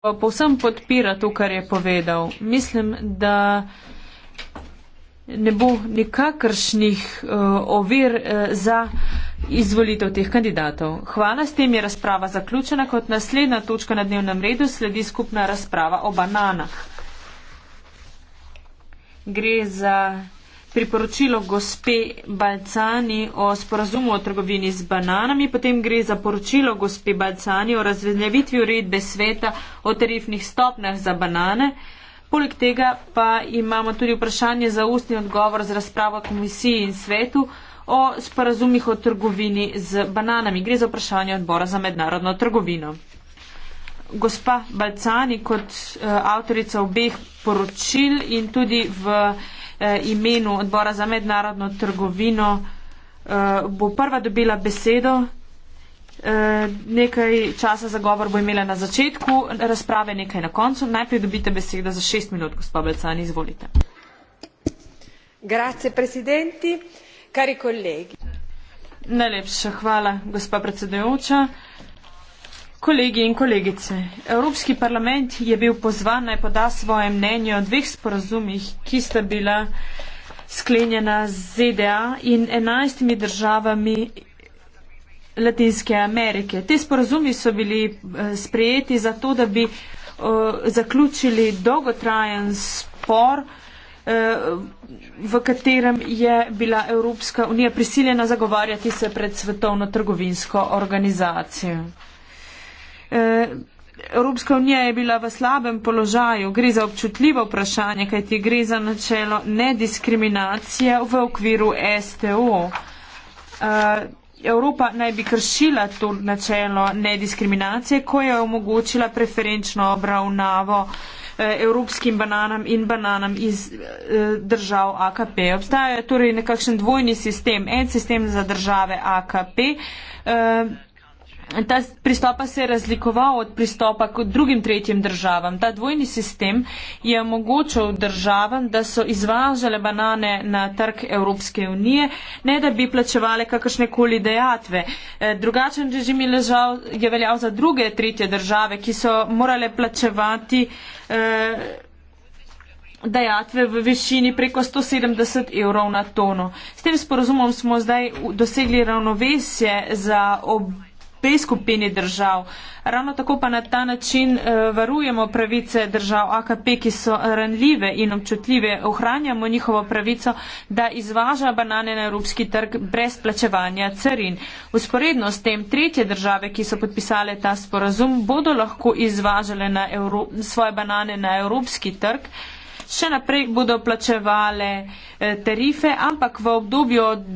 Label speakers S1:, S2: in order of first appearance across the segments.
S1: povsem podpira to, kar je povedal. Mislim, da ne bo nikakršnih uh, ovir uh, za izvolitev teh kandidatov. Hvala, s tem je razprava zaključena. Kot naslednja točka na dnevnem redu sledi skupna razprava o bananah. Gre za priporočilo gospe Balcani o sporazumu o trgovini z bananami, potem gre za poročilo gospe Balcani o razveljavitvi uredbe sveta o tarifnih stopnjah za banane. Poleg tega pa imamo tudi vprašanje za ustni odgovor z razpravo komisiji in svetu o sporazumih o trgovini z bananami. Gre za vprašanje odbora za mednarodno trgovino. Gospa Balcani kot uh, avtorica obeh poročil in tudi v uh, Eh, imenu odbora za mednarodno trgovino eh, bo prva dobila besedo. Eh, nekaj časa za govor bo imela na začetku razprave, nekaj na koncu. Najprej dobite besedo za šest minut, gospod Belcan, izvolite.
S2: Grazie, presidenti, kari kolegi.
S1: Najlepša hvala, gospa predsedujoča. Kolegi in kolegice, Evropski parlament je bil pozvan naj poda svoje mnenje o dveh sporazumih, ki sta bila sklenjena z ZDA in enajstimi državami Latinske Amerike. Te sporazumi so bili eh, sprejeti zato, da bi eh, zaključili dolgotrajen spor, eh, v katerem je bila Evropska unija prisiljena zagovarjati se pred svetovno trgovinsko organizacijo. Eh, Evropska unija je bila v slabem položaju. Gre za občutljivo vprašanje, kajti gre za načelo nediskriminacije v okviru STO. Eh, Evropa naj bi kršila to načelo nediskriminacije, ko je omogočila preferenčno obravnavo eh, evropskim bananam in bananam iz držav AKP. Obstaja torej nekakšen dvojni sistem, en sistem za države AKP ta pristopa se je razlikoval od pristopa k drugim tretjim državam. Ta dvojni sistem je omogočal državam, da so izvažale banane na trg Evropske unije, ne da bi plačevale kakršne koli dejatve. E, drugačen režim je, ležal, je veljal za druge tretje države, ki so morale plačevati e, dejatve v višini preko 170 evrov na tono. S tem sporozumom smo zdaj dosegli ravnovesje za obdobje tej skupini držav. Ravno tako pa na ta način eh, varujemo pravice držav AKP, ki so ranljive in občutljive. Ohranjamo njihovo pravico, da izvaža banane na evropski trg brez plačevanja carin. Usporedno s tem tretje države, ki so podpisale ta sporazum, bodo lahko izvažale na Evro svoje banane na evropski trg še naprej bodo plačevale eh, tarife, ampak v obdobju od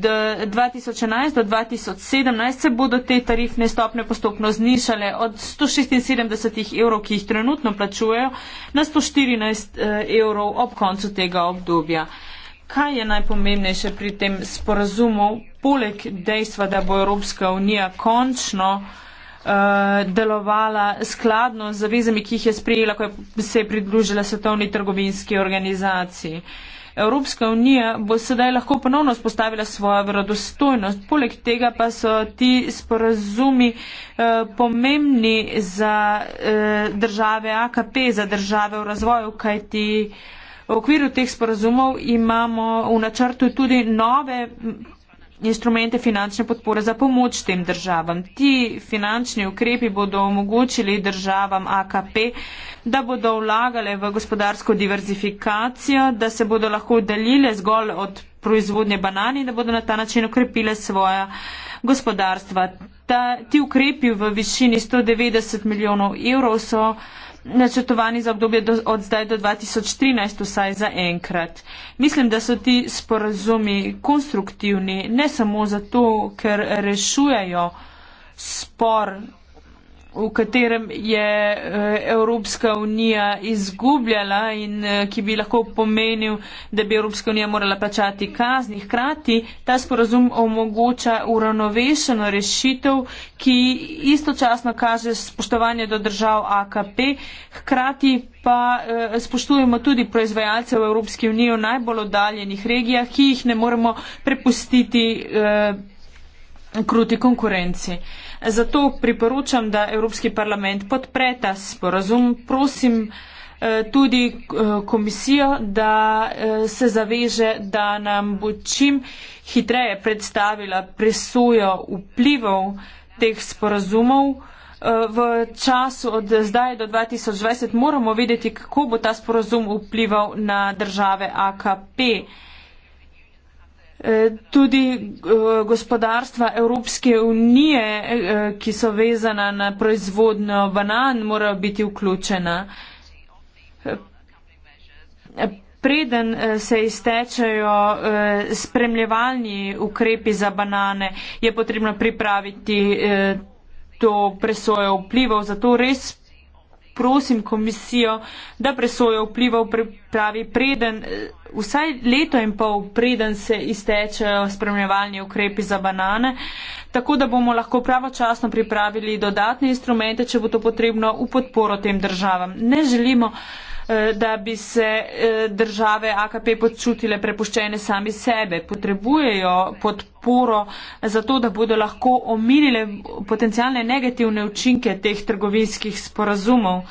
S1: 2011 eh, do 2017 se bodo te tarifne stopne postopno znišale od 176 evrov, ki jih trenutno plačujejo, na 114 eh, evrov ob koncu tega obdobja. Kaj je najpomembnejše pri tem sporazumu, poleg dejstva, da bo Evropska unija končno uh, Eh, delovala skladno z zavezami, ki jih je sprejela, ko je se je pridružila svetovni trgovinski organizaciji. Evropska unija bo sedaj lahko ponovno spostavila svojo vrodostojnost. Poleg tega pa so ti sporazumi eh, pomembni za eh, države AKP, za države v razvoju, kajti v okviru teh sporazumov imamo v načrtu tudi nove instrumente finančne podpore za pomoč tem državam. Ti finančni ukrepi bodo omogočili državam AKP, da bodo vlagale v gospodarsko diverzifikacijo, da se bodo lahko oddaljile zgolj od proizvodnje banani in da bodo na ta način ukrepile svoja gospodarstva. Ta, ti ukrepi v višini 190 milijonov evrov so načrtovani za obdobje do, od zdaj do 2013, vsaj za enkrat. Mislim, da so ti sporazumi konstruktivni, ne samo zato, ker rešujejo spor v katerem je eh, Evropska unija izgubljala in eh, ki bi lahko pomenil, da bi Evropska unija morala plačati kazni. Hkrati ta sporazum omogoča uravnovešeno rešitev, ki istočasno kaže spoštovanje do držav AKP. Hkrati pa eh, spoštujemo tudi proizvajalce v Evropski uniji v najbolj oddaljenih regijah, ki jih ne moremo prepustiti eh, kruti konkurenci. Eh, Zato priporočam, da Evropski parlament podpre ta sporazum. Prosim eh, tudi eh, komisijo, da eh, se zaveže, da nam bo čim hitreje predstavila presojo vplivov teh sporazumov. V času od zdaj do 2020 moramo videti, kako bo ta sporazum vplival na države AKP. Eh, tudi eh, gospodarstva Evropske unije, eh, ki so vezana na proizvodnjo banan, morajo biti vključena. Preden se iztečajo spremljevalni ukrepi za banane, je potrebno pripraviti to presojo vplivov, zato res prosim komisijo, da presojo vplivov pravi preden, eh, vsaj leto in pol preden se istečejo spremljevalni ukrepi za banane, tako da bomo lahko pravočasno pripravili dodatne instrumente, če bo to potrebno v podporo tem državam. Ne želimo. Eh, da bi se eh, države AKP počutile prepuščene sami sebe. Potrebujejo podporo za to, da bodo lahko omilile potencijalne negativne učinke teh trgovinskih sporazumov.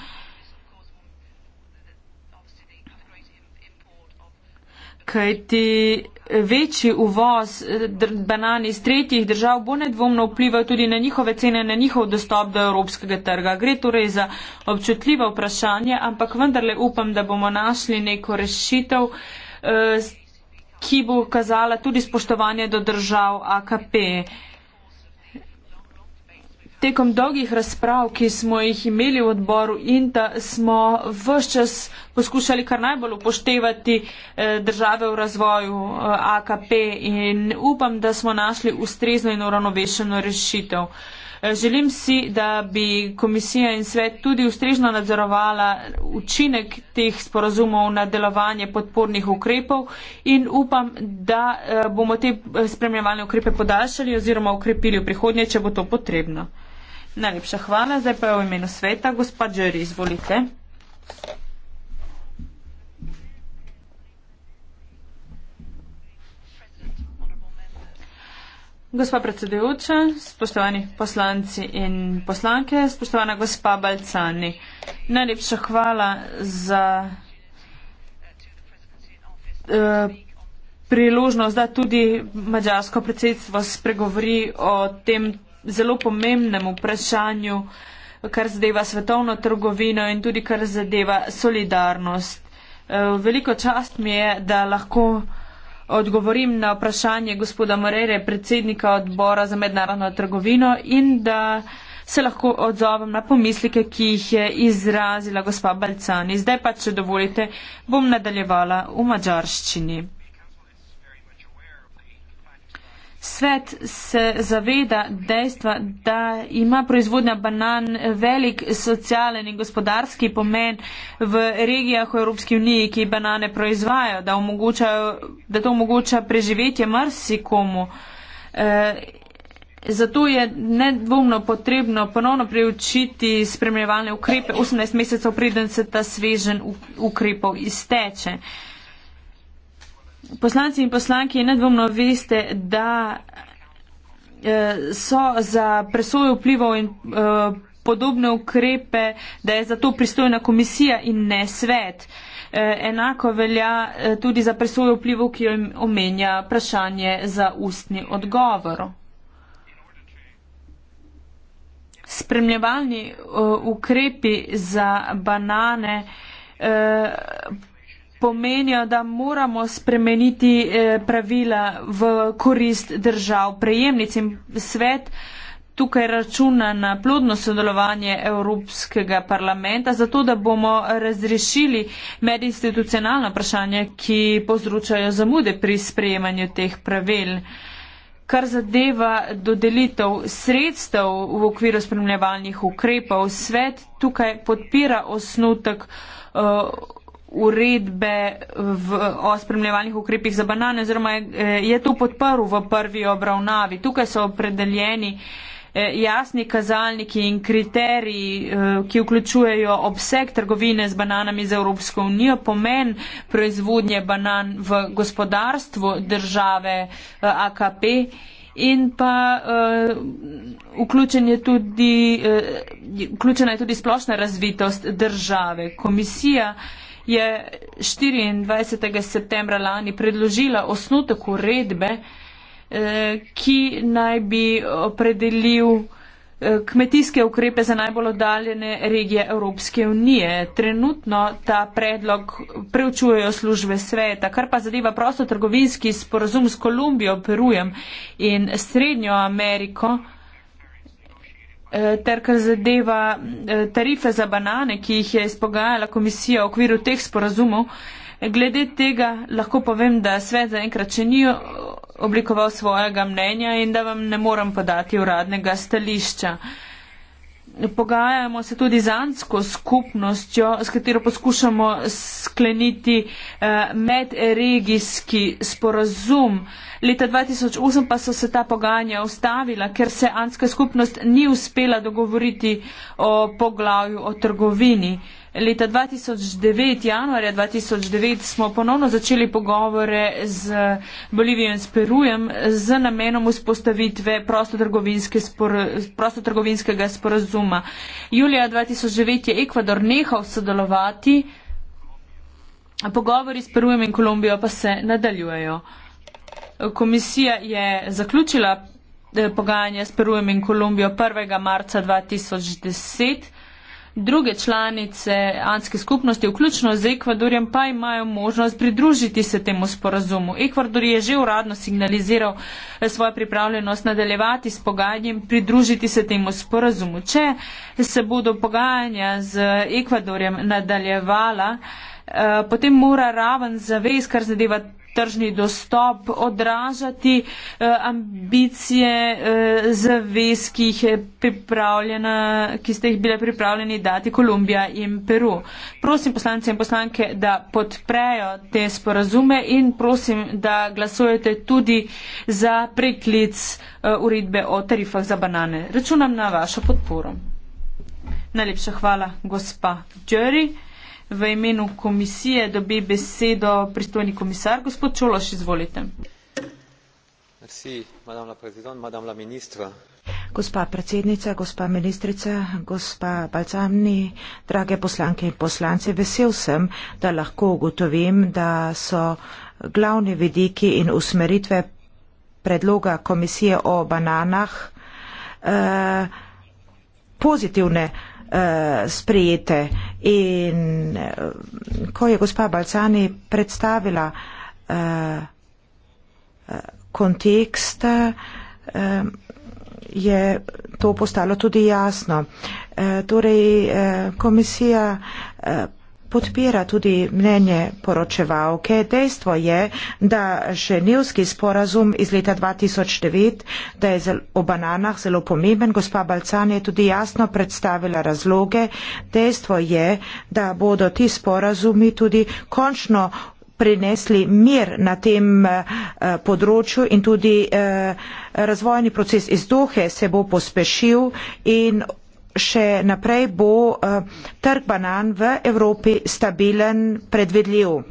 S1: kaj ti večji uvoz eh, banan iz tretjih držav bo nedvomno vplival tudi na njihove cene, na njihov dostop do evropskega trga. Gre torej za občutljivo vprašanje, ampak vendarle upam, da bomo našli neko rešitev, eh, ki bo kazala tudi spoštovanje do držav AKP. Tekom dolgih razprav, ki smo jih imeli v odboru INTA, smo vse čas poskušali kar najbolj upoštevati eh, države v razvoju eh, AKP in upam, da smo našli ustrezno in uravnovešeno rešitev. Eh, želim si, da bi komisija in svet tudi ustrežno nadzorovala učinek teh sporazumov na delovanje podpornih ukrepov in upam, da bomo te spremljevalne ukrepe podaljšali oziroma ukrepili v prihodnje, če bo to potrebno. Najlepša hvala. Zdaj pa je v imenu sveta. Gospod Džeri, izvolite. Gospa predsedujoča, spoštovani poslanci in poslanke, spoštovana gospa Balcani. Najlepša hvala za eh, priložnost, da tudi mađarsko predsedstvo spregovori o tem zelo pomembnem vprašanju, kar zadeva svetovno trgovino in tudi kar zadeva solidarnost. Eh, veliko čast mi je, da lahko odgovorim na vprašanje gospoda Morere, predsednika odbora za mednarodno trgovino in da se lahko odzovem na pomislike, ki jih je izrazila gospa Balcani. Zdaj pa, če dovolite, bom nadaljevala v mađarščini. Svet se zaveda dejstva, da ima proizvodnja banan velik socialen in gospodarski pomen v regijah v Evropski uniji, ki banane proizvajajo, da, da to omogoča preživetje marsikomu. E, zato je nedvomno potrebno ponovno preučiti spremljevalne ukrepe 18 mesecev, preden se ta svežen ukrepov izteče. E, Poslanci in poslanki nedvomno veste, da eh, so za presojo vplivov in eh, podobne ukrepe, da je za to pristojna komisija in ne svet. Eh, enako velja tudi za presojo vplivov, ki jo omenja vprašanje za ustni odgovor. Spremljevalni ukrepi za banane pomenijo, da moramo spremeniti eh, pravila v korist držav prejemnic in svet. Tukaj računa na plodno sodelovanje Evropskega parlamenta, zato da bomo razrešili medinstitucionalno vprašanje, ki povzročajo zamude pri sprejemanju teh pravil. Kar zadeva dodelitev sredstev v okviru spremljevalnih ukrepov, svet tukaj podpira osnutek. Uh, uredbe v, o spremljevalnih ukrepih za banane, oziroma je, eh, je to podprl v prvi obravnavi. Tukaj so opredeljeni eh, jasni kazalniki in kriteriji, eh, ki vključujejo obseg trgovine z bananami za Evropsko unijo, pomen proizvodnje banan v gospodarstvu države AKP in pa vključen je tudi, vključena je tudi splošna razvitost države. Komisija je 24. septembra lani predložila osnutek uredbe, eh, ki naj bi opredelil eh, kmetijske ukrepe za najbolj oddaljene regije Evropske unije. Trenutno ta predlog preučujejo službe sveta, kar pa zadeva prosto trgovinski sporozum s Kolumbijo, Perujem in Srednjo Ameriko. Eh, ter kar zadeva eh, tarife za banane, ki jih je izpogajala komisija v okviru teh sporazumov. Glede tega lahko povem, da svet zaenkrat še ni oblikoval svojega mnenja in da vam ne morem podati uradnega stališča. Pogajamo se tudi z ansko skupnostjo, s katero poskušamo skleniti eh, medregijski sporazum. Leta 2008 pa so se ta pogajanja ustavila, ker se anska skupnost ni uspela dogovoriti o poglavju o trgovini. Leta 2009, januarja 2009, smo ponovno začeli pogovore z Bolivijo in s Perujem z namenom vzpostavitve prostotrgovinskega spor, sporazuma. Julija 2009 je Ekvador nehal sodelovati, a pogovori s Perujem in Kolumbijo pa se nadaljujejo. Komisija je zaključila eh, pogajanja s Perujem in Kolumbijo 1. marca 2010. Druge članice anske skupnosti, vključno z Ekvadorjem, pa imajo možnost pridružiti se temu sporazumu. Ekvador je že uradno signaliziral eh, svojo pripravljenost nadaljevati s pogajanjem, pridružiti se temu sporazumu. Če se bodo pogajanja z Ekvadorjem nadaljevala, eh, potem mora raven zavez, kar zadeva tržni dostop odražati eh, ambicije eh, zavez, ki, jih ki ste jih bile pripravljeni dati Kolumbija in Peru. Prosim poslance in poslanke, da podprejo te sporazume in prosim, da glasujete tudi za preklic eh, uredbe o tarifah za banane. Računam na vašo podporo. Najlepša hvala, gospa Džeri v imenu komisije dobi besedo pristojni komisar, gospod Čološ, izvolite. Merci, madame la président, madame la ministre.
S3: Gospa predsednica, gospa ministrica, gospa Balcamni, drage poslanke in poslanci, vesel sem, da lahko ugotovim, da so glavni vidiki in usmeritve predloga komisije o bananah eh, pozitivne. Eh, Eh, sprejete. In eh, ko je gospa Balcani predstavila eh, kontekst, je to postalo tudi jasno. Torej, komisija podpira tudi mnenje poročevalke. Dejstvo je, da ženevski sporazum iz leta 2009, da je o bananah zelo pomemben, gospa Balcan je tudi jasno predstavila razloge. Dejstvo je, da bodo ti sporazumi tudi končno prinesli mir na tem eh, področju in tudi eh, razvojni proces iz duhe se bo pospešil in še naprej bo eh, trg banan v Evropi stabilen, predvedljiv.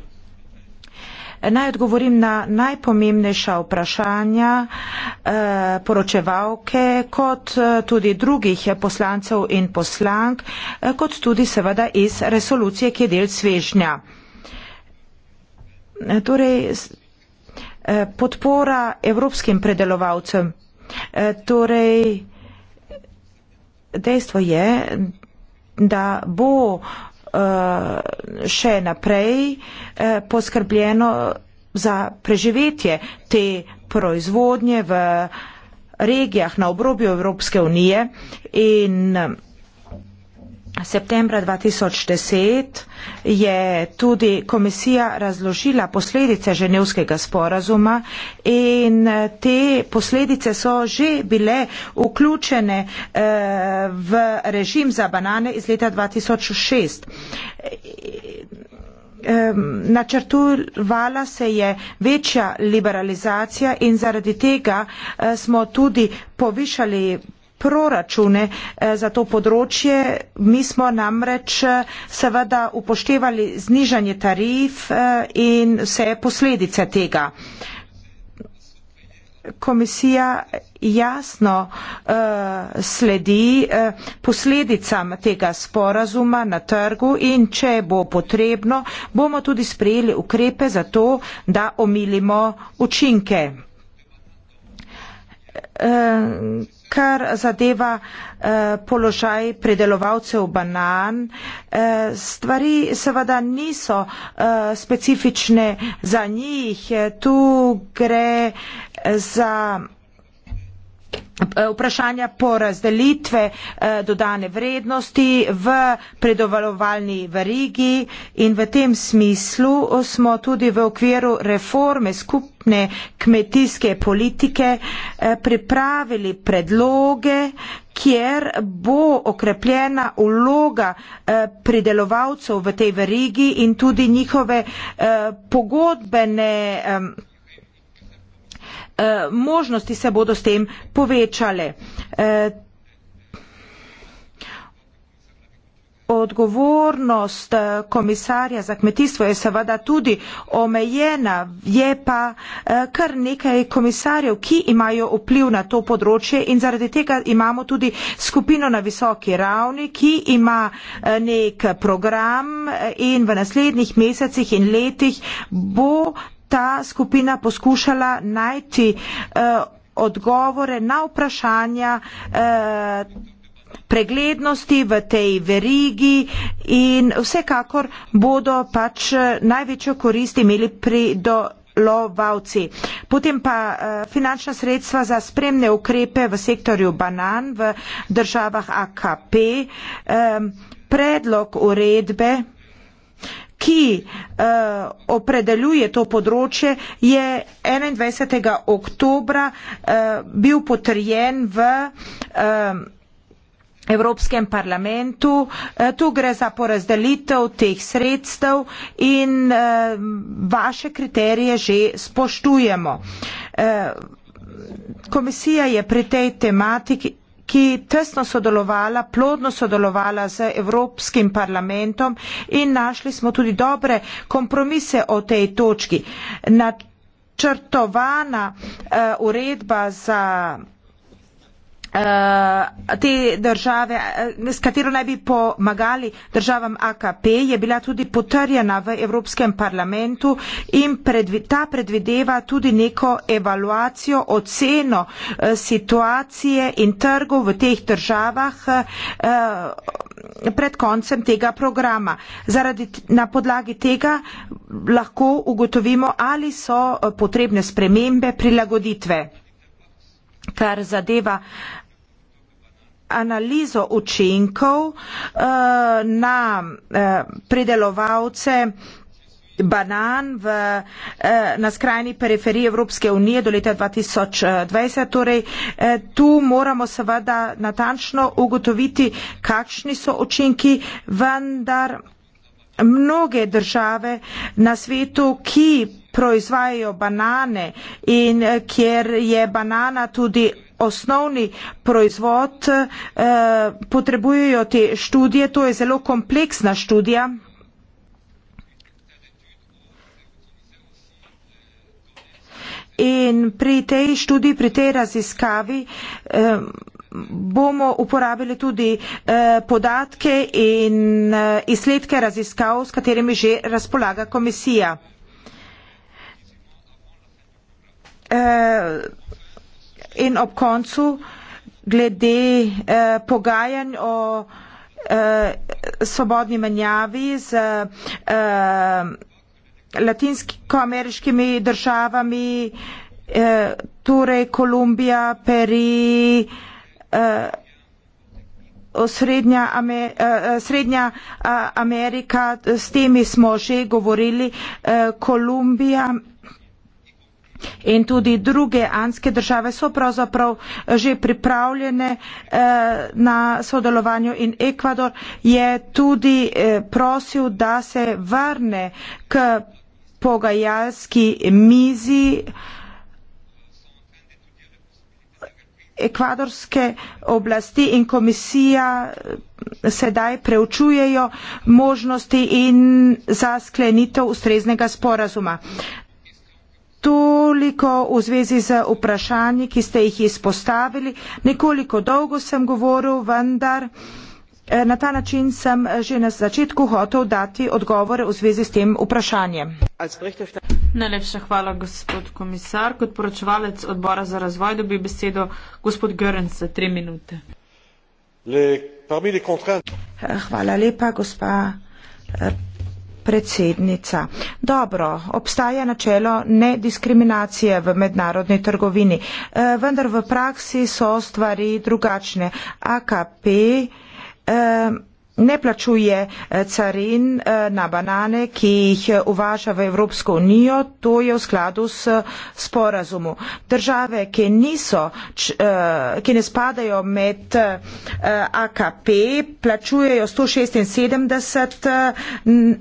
S3: Naj odgovorim na najpomembnejša vprašanja eh, poročevalke, kot eh, tudi drugih poslancev in poslank, kot tudi seveda iz resolucije, ki je del svežnja. Torej, podpora evropskim predelovalcem. Torej, dejstvo je, da bo eh, še naprej eh, poskrbljeno za preživetje te proizvodnje v regijah na obrobju Evropske unije in septembra 2010 je tudi komisija razložila posledice ženevskega sporazuma in te posledice so že bile vključene eh, v režim za banane iz leta 2006. Ehm, načrtovala se je večja liberalizacija in zaradi tega eh, smo tudi povišali proračune eh, za to področje. Mi smo namreč eh, seveda upoštevali znižanje tarif eh, in vse posledice tega. Komisija jasno uh, sledi uh, posledicam tega sporazuma na trgu in če bo potrebno, bomo tudi sprejeli ukrepe za to, da omilimo učinke. Uh, kar zadeva eh, položaj predelovalcev banan. Eh, stvari seveda niso eh, specifične za njih. Tu gre za. Eh, vprašanja po razdelitve eh, dodane vrednosti v predovalovalni verigi in v tem smislu smo tudi v okviru reforme skupne kmetijske politike eh, pripravili predloge, kjer bo okrepljena uloga pridelovalcev v tej verigi in tudi njihove pogodbene Eh, možnosti se bodo s tem povečale. Eh, odgovornost eh, komisarja za kmetijstvo je seveda tudi omejena, je pa kar nekaj komisarjev, ki imajo vpliv na to področje in zaradi tega imamo tudi skupino na visoki ravni, ki ima nek program in v naslednjih mesecih in letih bo ta skupina poskušala najti eh, odgovore na vprašanja eh, preglednosti v tej verigi in vsekakor bodo pač eh, največjo korist imeli pri do. Lovavci. Potem pa uh, finančna sredstva za spremne ukrepe v sektorju banan v državah AKP. Um, predlog uredbe ki eh, opredeljuje to področje, je 21. oktobra eh, bil potrjen v eh, Evropskem parlamentu. Eh, tu gre za porazdelitev teh sredstev in eh, vaše kriterije že spoštujemo. Eh, komisija je pri tej tematiki ki tesno sodelovala, plodno sodelovala z Evropskim parlamentom in našli smo tudi dobre kompromise o tej točki. Načrtovana uh, uredba za Eh, te države, eh, s katero naj bi pomagali državam AKP, je bila tudi potrjena v Evropskem parlamentu in predvi, ta predvideva tudi neko evaluacijo, oceno eh, situacije in trgov v teh državah pred koncem tega programa. Zaradi, na podlagi tega lahko ugotovimo, ali so potrebne spremembe, prilagoditve kar zadeva uh, analizo učinkov uh, na uh, pridelovalce banan v, eh, na skrajni periferiji Evropske unije do leta 2020. Torej, tu moramo seveda natančno ugotoviti, kakšni so učinki, vendar mnoge države na svetu, ki proizvajajo banane in kjer je banana tudi osnovni proizvod, eh, potrebujejo te študije, to je zelo kompleksna študija. In pri tej študiji, pri tej raziskavi eh, bomo uporabili tudi eh, podatke in izsledke raziskav, s katerimi že razpolaga komisija in ob koncu glede eh, pogajanj o eh, svobodni menjavi z eh, latinsko-ameriškimi državami, eh, torej Kolumbija, Peri, eh, eh, Srednja, Amer eh, Srednja Amerika, s temi smo že govorili, Kolumbija, In tudi druge anske države so pravzaprav eh, že pripravljene eh, na sodelovanju in Ekvador je tudi eh, prosil, da se vrne k pogajalski mizi ekvadorske oblasti in komisija eh, sedaj preučujejo možnosti in za sklenitev ustreznega sporazuma. Toliko v zvezi z vprašanji, ki ste jih izpostavili. Nekoliko dolgo sem govoril, vendar eh, na ta način sem že na začetku hotel dati odgovore v zvezi s tem vprašanjem.
S1: Najlepša hvala, gospod komisar. Kot poročevalec odbora za razvoj dobi besedo gospod Görens za tri minute.
S3: Le, eh, hvala lepa, gospa. Eh, predsednica. Dobro, obstaja načelo nediskriminacije v mednarodni trgovini, eh, vendar v praksi so stvari drugačne. AKP eh, ne plačuje eh, carin eh, na banane, ki jih eh, uvaža v Evropsko unijo, to je v skladu s sporazumu. Države, ki, niso, ki ne spadajo med AKP, plačujejo 176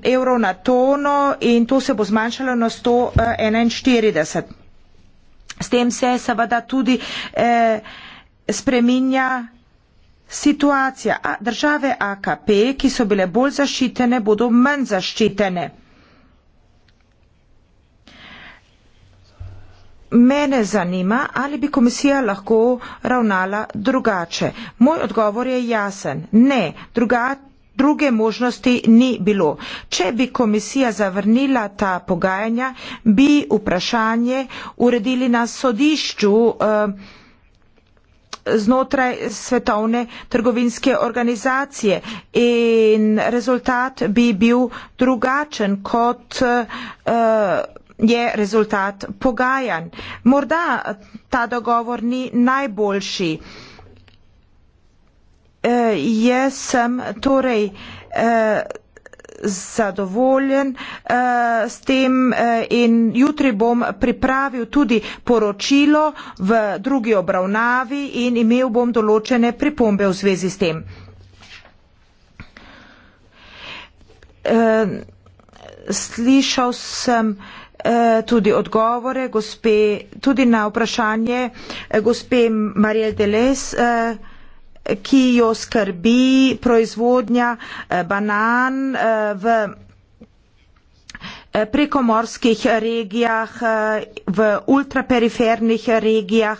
S3: evrov na tono in to se bo zmanjšalo na 141. S tem se seveda tudi eh, spreminja Situacija A države AKP, ki so bile bolj zaščitene, bodo manj zaščitene. Mene zanima, ali bi komisija lahko ravnala drugače. Moj odgovor je jasen. Ne, druga, druge možnosti ni bilo. Če bi komisija zavrnila ta pogajanja, bi vprašanje uredili na sodišču. Uh, znotraj svetovne trgovinske organizacije in rezultat bi bil drugačen kot eh, je rezultat pogajanj. Morda ta dogovor ni najboljši. E, jaz sem torej e, zadovoljen eh, s tem eh, in jutri bom pripravil tudi poročilo v drugi obravnavi in imel bom določene pripombe v zvezi s tem. Eh, slišal sem tudi odgovore gospe, tudi na vprašanje gospe Marije Deles, ki jo skrbi proizvodnja eh, banan eh, v eh, prekomorskih regijah, v ultrapernih regijah.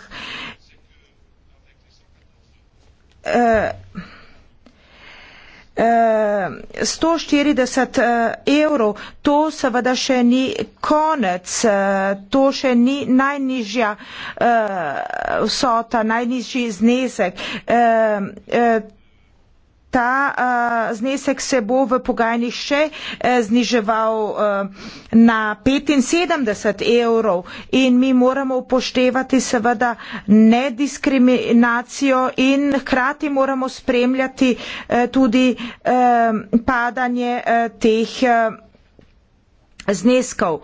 S3: 140 eh, eh, evrov, to seveda še ni konec, eh, to še ni najnižja vsota, najnižji znesek ta uh, znesek se bo v pogajanjih še uh, zniževal uh, na 75 evrov in mi moramo upoštevati seveda nediskriminacijo in hkrati moramo spremljati uh, tudi uh, padanje uh, teh uh, zneskov.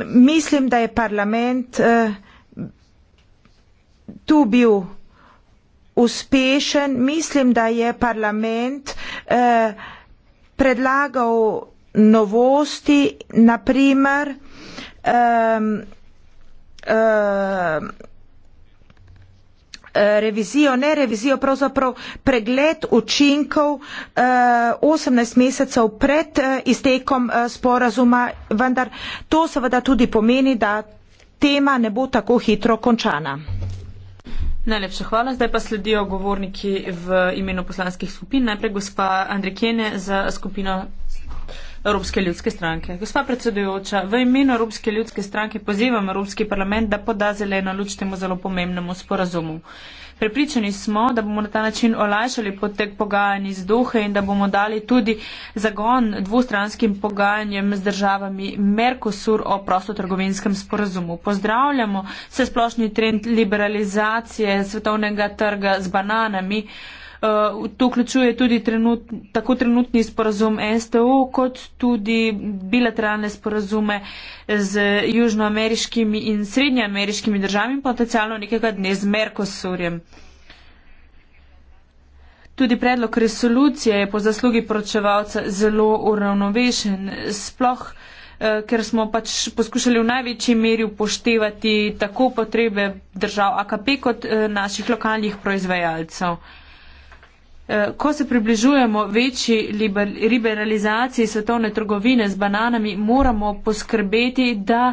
S3: Mislim, da je parlament uh, tu bil uspešen. Mislim, da je parlament eh, predlagal novosti, naprimer eh, eh, revizijo, ne revizijo, pravzaprav pregled učinkov eh, 18 mesecev pred eh, iztekom eh, sporazuma, vendar to seveda tudi pomeni, da tema ne bo tako hitro končana.
S1: Najlepša hvala. Zdaj pa sledijo govorniki v imenu poslanskih skupin. Najprej gospa Andrikene za skupino Evropske ljudske stranke. Gospa predsedujoča, v imenu Evropske ljudske stranke pozivam Evropski parlament, da poda zeleno luč temu zelo pomembnemu sporazumu. Prepričani smo, da bomo na ta način olajšali potek pogajanj iz Duhe in da bomo dali tudi zagon dvustranskim pogajanjem z državami Merkosur o prostotrgovinskem sporazumu. Pozdravljamo se splošni trend liberalizacije svetovnega trga z bananami. Eh, to vključuje tudi trenut, tako trenutni sporazum STO, kot tudi bilateralne sporazume z južnoameriškimi in srednjeameriškimi državami, potencialno nekega dne z Merkosurjem. Tudi predlog resolucije je po zaslugi poročevalca zelo uravnovešen, sploh eh, ker smo pač poskušali v največji meri upoštevati tako potrebe držav AKP kot eh, naših lokalnih proizvajalcev. Eh, ko se približujemo večji liberalizaciji svetovne trgovine z bananami, moramo poskrbeti, da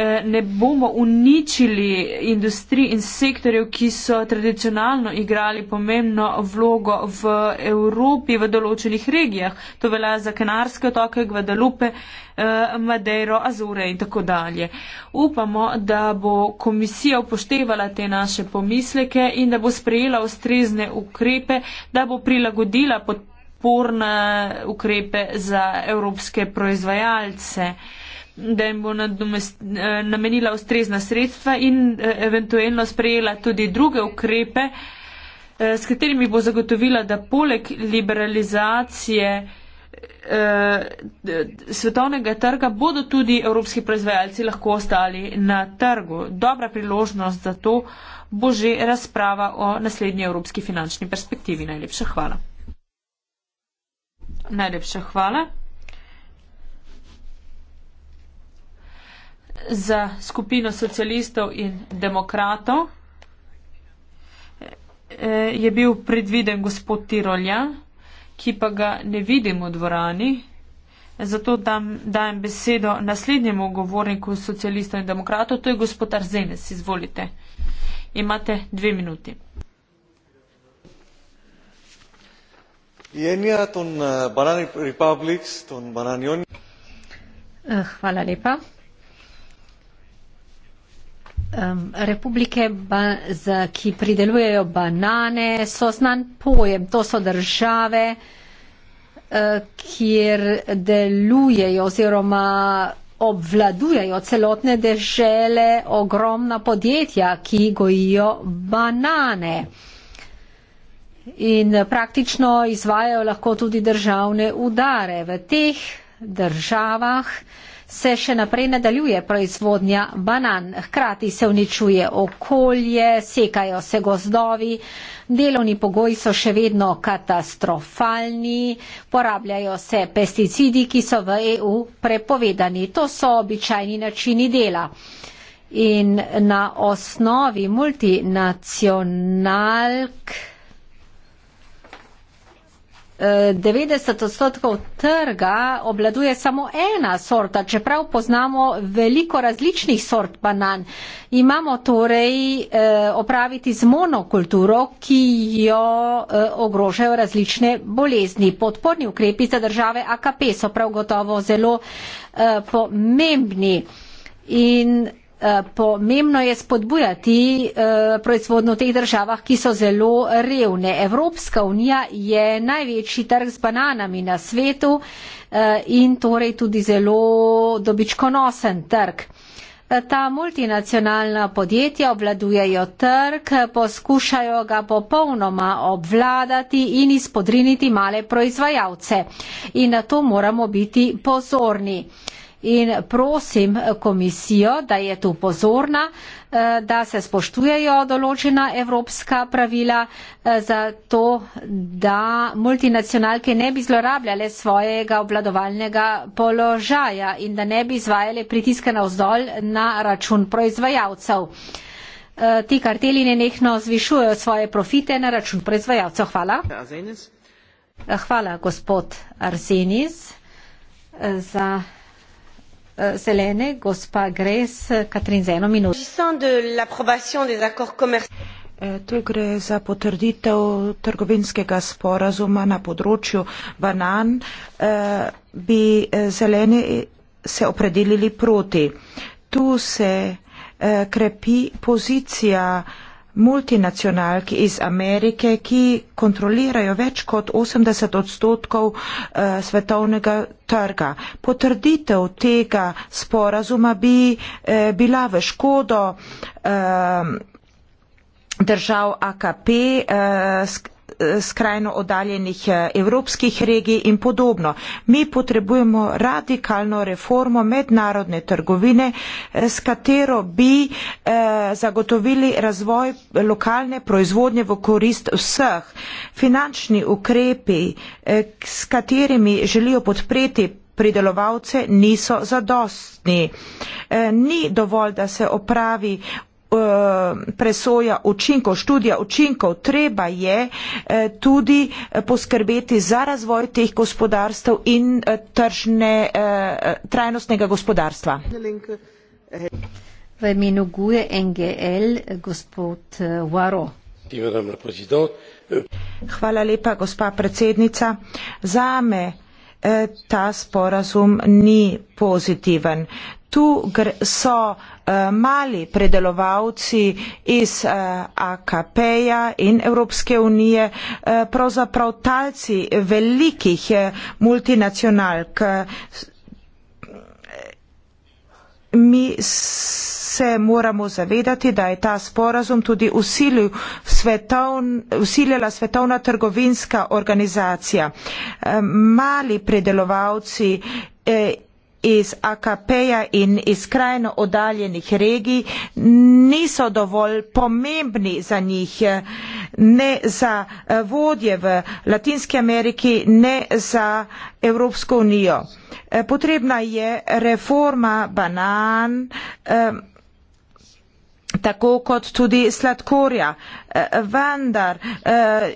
S1: Eh, ne bomo uničili industrij in sektorjev, ki so tradicionalno igrali pomembno vlogo v Evropi v določenih regijah. To velja za Kanarske otoke, Gvadalupe, eh, Madeiro, Azure in tako dalje. Upamo, da bo komisija upoštevala te naše pomisleke in da bo sprejela ustrezne ukrepe, da bo prilagodila podporne ukrepe za evropske proizvajalce da jim bo eh, namenila ustrezna sredstva in eh, eventualno sprejela tudi druge ukrepe, eh, s katerimi bo zagotovila, da poleg liberalizacije svetovnega trga bodo tudi evropski proizvajalci lahko ostali na trgu. Dobra priložnost za to bo že razprava o naslednji evropski finančni perspektivi. Najlepša hvala. Najlepša hvala. za skupino socialistov in demokratov eh, je bil predviden gospod Tirolja, ki pa ga ne vidim v dvorani. Zato dam, dajem besedo naslednjemu govorniku socialistov in demokratov, to je gospod Arzenes. Izvolite. Imate dve minuti.
S2: Eh, eh, hvala lepa um, republike, ba, za, ki pridelujejo banane, so znan pojem. To so države, uh, kjer delujejo oziroma obvladujejo celotne dežele ogromna podjetja, ki gojijo banane. In praktično izvajajo lahko tudi državne udare v teh državah. Uh, se še naprej nadaljuje proizvodnja banan. Hkrati se uničuje okolje, sekajo se gozdovi, delovni pogoji so še vedno katastrofalni, porabljajo se pesticidi, ki so v EU prepovedani. To so običajni načini dela. In na osnovi multinacionalk 90% trga obladuje samo ena sorta, čeprav poznamo veliko različnih sort banan. Imamo torej eh, opraviti z monokulturo, ki jo eh, ogrožajo različne bolezni. Podporni ukrepi za države AKP so prav gotovo zelo eh, pomembni. In Eh, pomembno je spodbujati eh, proizvodno v teh državah, ki so zelo revne. Evropska unija je največji trg z bananami na svetu eh, in torej tudi zelo dobičkonosen trg. Ta multinacionalna podjetja obvladujejo trg, poskušajo ga popolnoma obvladati in izpodriniti male proizvajalce. In na to moramo biti pozorni. Uh, in prosim komisijo, da je tu pozorna, eh, da se spoštujejo določena evropska pravila eh, za to, da multinacionalke ne bi zlorabljale svojega obladovalnega položaja in da ne bi izvajale pritiske na vzdolj na račun proizvajalcev. Eh, ti karteli nenehno zvišujejo svoje profite na račun proizvajalcev. Hvala. Hvala, gospod Arsenis, za. Eh, Selene, gospa Gres, Katrin, za eno minuto. To eh, gre za potrditev
S3: trgovinskega sporazuma na področju banan, eh, bi zeleni se opredelili proti. Tu se krepi pozicija multinacionalk iz Amerike, ki kontrolirajo več kot 80 odstotkov eh, svetovnega trga. Potrditev tega sporazuma bi eh, bila v škodo eh, držav AKP, skrajno oddaljenih eh, evropskih regij in podobno. Mi potrebujemo radikalno reformo mednarodne trgovine, eh, s katero bi eh, zagotovili razvoj lokalne proizvodnje v korist vseh. Finančni ukrepi, s katerimi želijo podpreti pridelovalce, niso zadostni. Ni dovolj, da se opravi Eh, presoja učinkov, študija učinkov, treba je eh, tudi eh, poskrbeti za razvoj teh gospodarstv in tržne, trajnostnega gospodarstva.
S2: V imenu GUE NGL gospod Varo.
S3: Hvala lepa, gospa predsednica. Zame ta sporazum ni pozitiven. Tu so Eh, mali predelovalci iz eh, AKP-ja in Evropske unije eh, pravzaprav talci velikih multinacionalk. Mi se moramo zavedati, da je ta sporazum tudi usilila svetovna trgovinska organizacija. Mali predelovalci iz AKP-ja in iz krajno oddaljenih regij niso dovolj pomembni za njih, ne za eh, vodje v Latinski Ameriki, ne za Evropsko unijo. Eh, potrebna je reforma banan, eh, tako kot tudi sladkorja. E, vendar e,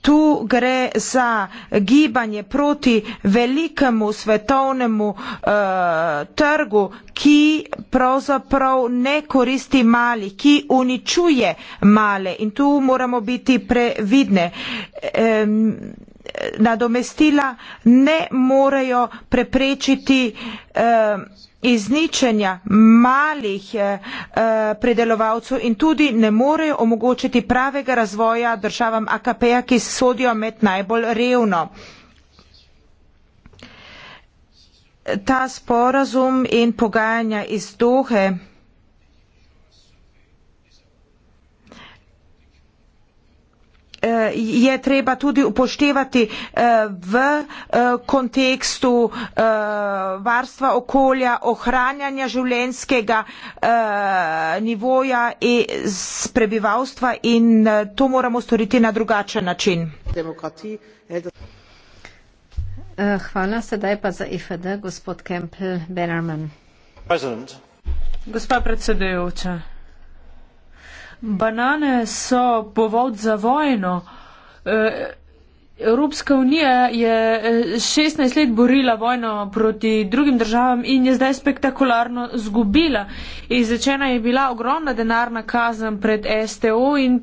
S3: tu gre za gibanje proti velikemu svetovnemu e, trgu, ki pravzaprav ne koristi mali, ki uničuje male in tu moramo biti previdne. Nadomestila ne morejo preprečiti izničenja malih e, predelovalcev in tudi ne morejo omogočiti pravega razvoja državam AKP-ja, ki sodijo med najbolj revno. Ta sporazum in pogajanja iz Dohe Eh, je treba tudi upoštevati eh, v eh, kontekstu varstva okolja, ohranjanja življenskega nivoja iz prebivalstva in to moramo storiti na drugačen način.
S2: Hvala, sedaj pa za IFD, gospod Kempel Bellerman. Gospa predsedujoča.
S1: Banane so povod za vojno. E, Evropska unija je 16 e, let borila vojno proti drugim državam in je zdaj spektakularno zgubila. Izrečena je bila ogromna denarna kazen pred STO in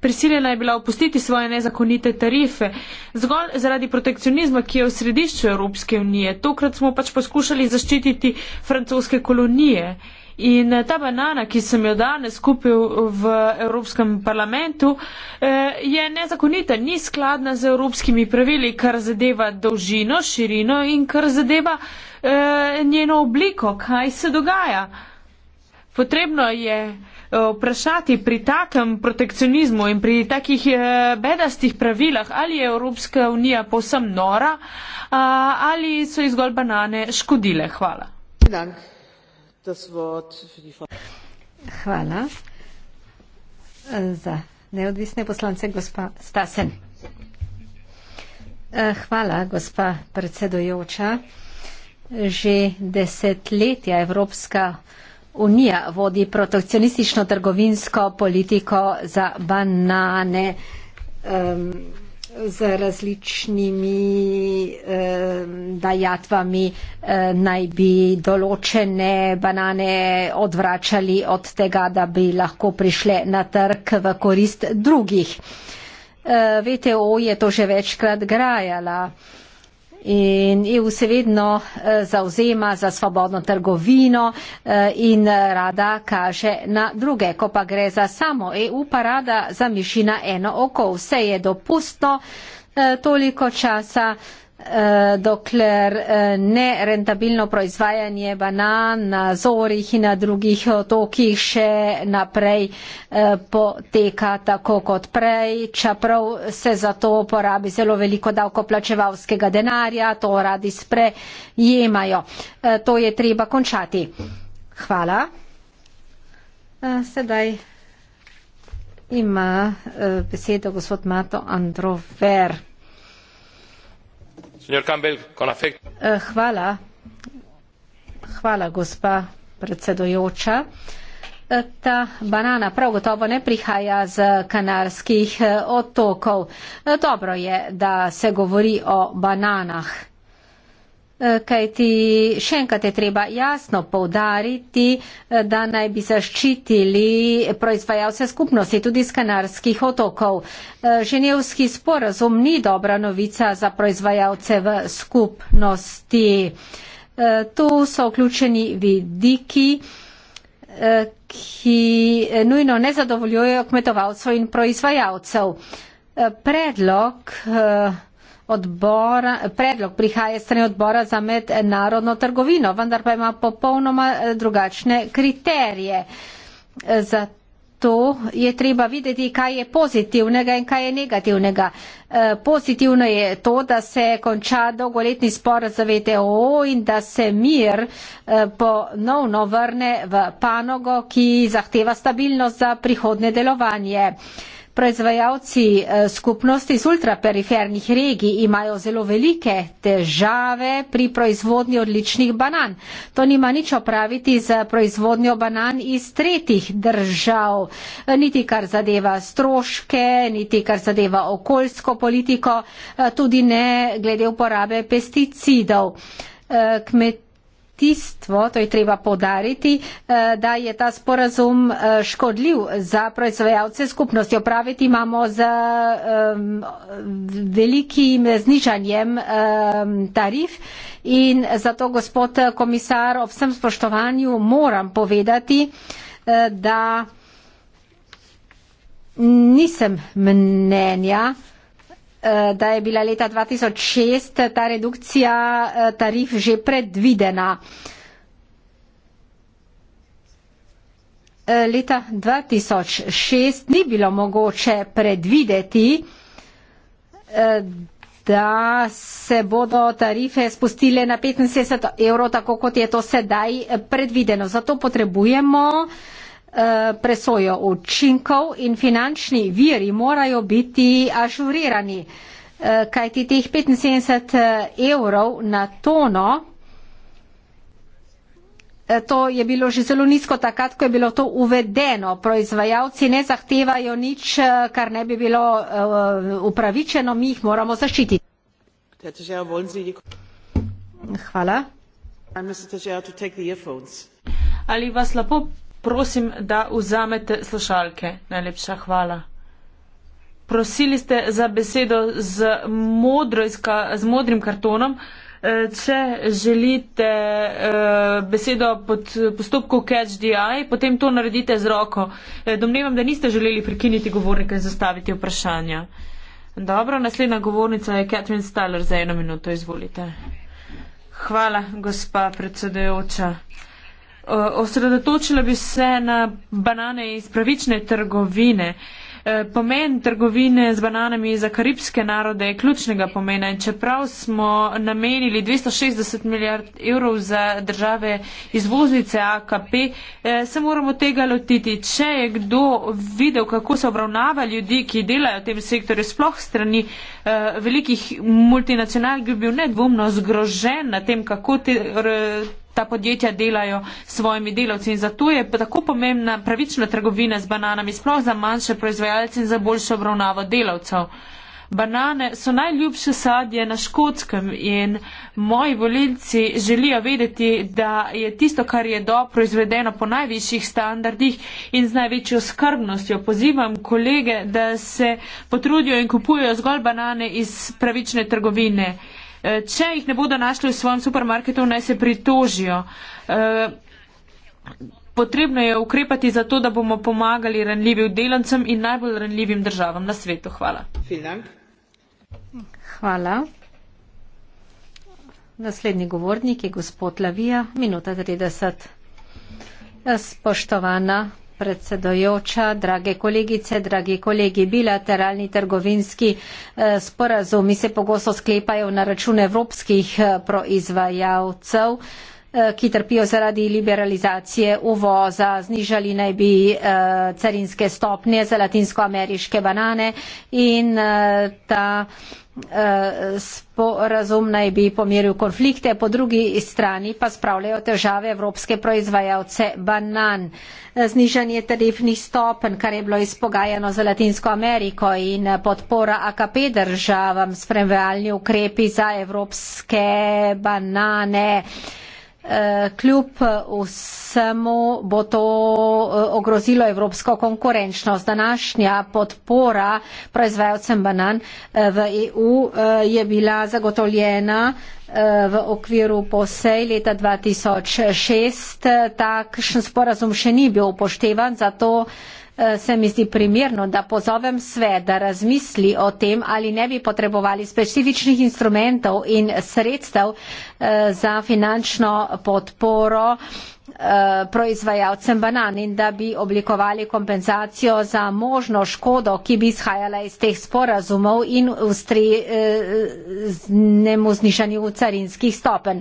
S1: prisiljena je bila opustiti svoje nezakonite tarife. Zgolj zaradi protekcionizma, ki je v središču Evropske unije, tokrat smo pač poskušali zaščititi francoske kolonije. In eh, ta banana, ki sem jo danes kupil v Evropskem parlamentu, eh, je nezakonita, ni skladna z evropskimi pravili, kar zadeva dolžino, širino in kar zadeva eh, njeno obliko, kaj se dogaja. Potrebno je vprašati pri takem protekcionizmu in pri takih bedastih pravilah, ali je Evropska unija posem nora ali so izgolj banane škodile. Hvala.
S3: Dank das Wort für die Frau.
S2: Hvala. Za neodvisne poslance, gospa Stasen. Hvala, gospa predsedojoča. Že desetletja Evropska unija vodi protekcionistično trgovinsko politiko za banane. Um, z različnimi eh, dajatvami eh, naj bi določene banane odvračali od tega, da bi lahko prišle na trg v korist drugih. Eh, VTO je to že večkrat grajala. Eh, in EU se vedno e, zauzema za svobodno trgovino e, in rada kaže na druge. Ko pa gre za samo EU, pa rada zamišlja na eno oko. Vse je dopustno e, toliko časa Eh, dokler eh, nerentabilno proizvajanje banan na zorih in na drugih otokih še naprej eh, poteka tako kot prej, čeprav se za to porabi zelo veliko davkoplačevalskega denarja, to radi sprejemajo. To je treba končati. Hvala. Sedaj ima besedo gospod Mato Androver.
S3: Eh,
S2: hvala, gospa predsedojoča. Eh, ta banana prav gotovo ne prihaja z kanarskih eh, otokov. Dobro je, da se govori o bananah. Eh, kajti še enkrat je treba jasno povdariti, eh, da naj bi zaščitili proizvajalce skupnosti tudi iz Kanarskih otokov. Eh, Ženevski sporazum ni dobra novica za proizvajalce v skupnosti. Tu so vključeni vidiki, ki nujno ne zadovoljujejo kmetovalcev in proizvajalcev. Predlog odbora, predlog prihaja strani odbora za mednarodno trgovino, vendar pa ima popolnoma eh, drugačne kriterije. Eh, zato je treba videti, kaj je pozitivnega in kaj je negativnega. Eh, pozitivno je to, da se konča dolgoletni spor z VTO in da se mir ponovno vrne v panogo, ki zahteva stabilnost za prihodne delovanje. Proizvajalci eh, skupnosti iz ultraperifernih regij imajo zelo velike težave pri proizvodnji odličnih banan. To nima nič opraviti z proizvodnjo banan iz tretjih držav, eh, niti kar zadeva stroške, niti kar zadeva okoljsko politiko, eh, tudi ne glede uporabe pesticidov. Kmet kmetijstvo, to je treba podariti, eh, da je ta sporazum eh, škodljiv za proizvajalce skupnosti. Opraviti imamo z um, velikim znižanjem um, tarif in zato, gospod komisar, ob vsem spoštovanju moram povedati, eh, da nisem mnenja, Eh, da je bila leta 2006 ta redukcija eh, tarif že predvidena. Eh, leta 2006 ni bilo mogoče predvideti, da se bodo tarife spustile na 75 evrov, tako kot je to sedaj predvideno. Zato potrebujemo uh, Eh, presojo učinkov in finančni viri morajo biti ažurirani, eh, kajti teh 75 eh, evrov na tono, to je bilo že zelo nizko takrat, ko je bilo to uvedeno. Proizvajalci ne zahtevajo nič, kar ne bi bilo upravičeno, mi jih moramo zaščititi. Hvala.
S1: Ali vas lahko prosim, da vzamete slušalke. Najlepša hvala. Prosili ste za besedo z, modrojska, z modrim kartonom. E, če želite e, besedo pod postopku catch the eye, potem to naredite z roko. E, domnevam, da niste želeli prekiniti govornika in zastaviti vprašanja. Dobro, naslednja govornica je Catherine Staller za eno minuto. Izvolite. Hvala, gospa predsedujoča. Eh, osredotočila bi se na banane iz pravične trgovine. Eh, pomen trgovine z bananami za karibske narode je ključnega pomena in čeprav smo namenili 260 milijard evrov za države izvoznice AKP, eh, se moramo tega lotiti. Če je kdo videl, kako se obravnava ljudi, ki delajo v tem sektorju, sploh strani velikih multinacional, bi bil nedvomno zgrožen na tem, kako te ta podjetja delajo s svojimi delavci in zato je tako pomembna pravična trgovina z bananami, sploh za manjše proizvajalce in za boljšo obravnavo delavcev. Banane so najljubše sadje na škotskem in moji volilci želijo vedeti, da je tisto, kar je do proizvedeno po najvišjih standardih in z največjo skrbnostjo. Pozivam kolege, da se potrudijo in kupujejo zgolj banane iz pravične trgovine. Eh, če jih ne bodo našli v svojem supermarketu, naj se pritožijo. Eh, potrebno je ukrepati za to, da bomo pomagali ranljivim delancem in najbolj ranljivim državam na svetu. Hvala.
S2: Hvala. Naslednji govornik je gospod Lavija, minuta 30. Spoštovana predsedojoča, drage kolegice, dragi kolegi. Bilateralni trgovinski eh, sporazumi se pogosto sklepajo na račun evropskih eh, proizvajalcev eh, ki trpijo zaradi liberalizacije uvoza. Znižali naj bi carinske stopnje za latinskoameriške banane in ta sporazum naj bi pomiril konflikte, po drugi strani pa spravljajo težave evropske proizvajalce banan. Znižanje tarifnih stopen, kar je bilo izpogajano za Latinsko Ameriko in podpora AKP državam, spremljalni ukrepi za evropske banane. Uh, Eh, kljub eh, vsemu bo to eh, ogrozilo evropsko konkurenčnost. Današnja podpora proizvajalcem banan v EU je bila zagotovljena v okviru posej leta 2006. Takšen sporazum še ni bil upoštevan, zato se mi zdi primerno, da pozovem sve, da razmisli o tem, ali ne bi potrebovali specifičnih instrumentov in sredstev za finančno podporo proizvajalcem banan in da bi oblikovali kompenzacijo za možno škodo, ki bi izhajala iz teh sporazumov in ustreznemu znižanju carinskih stopenj.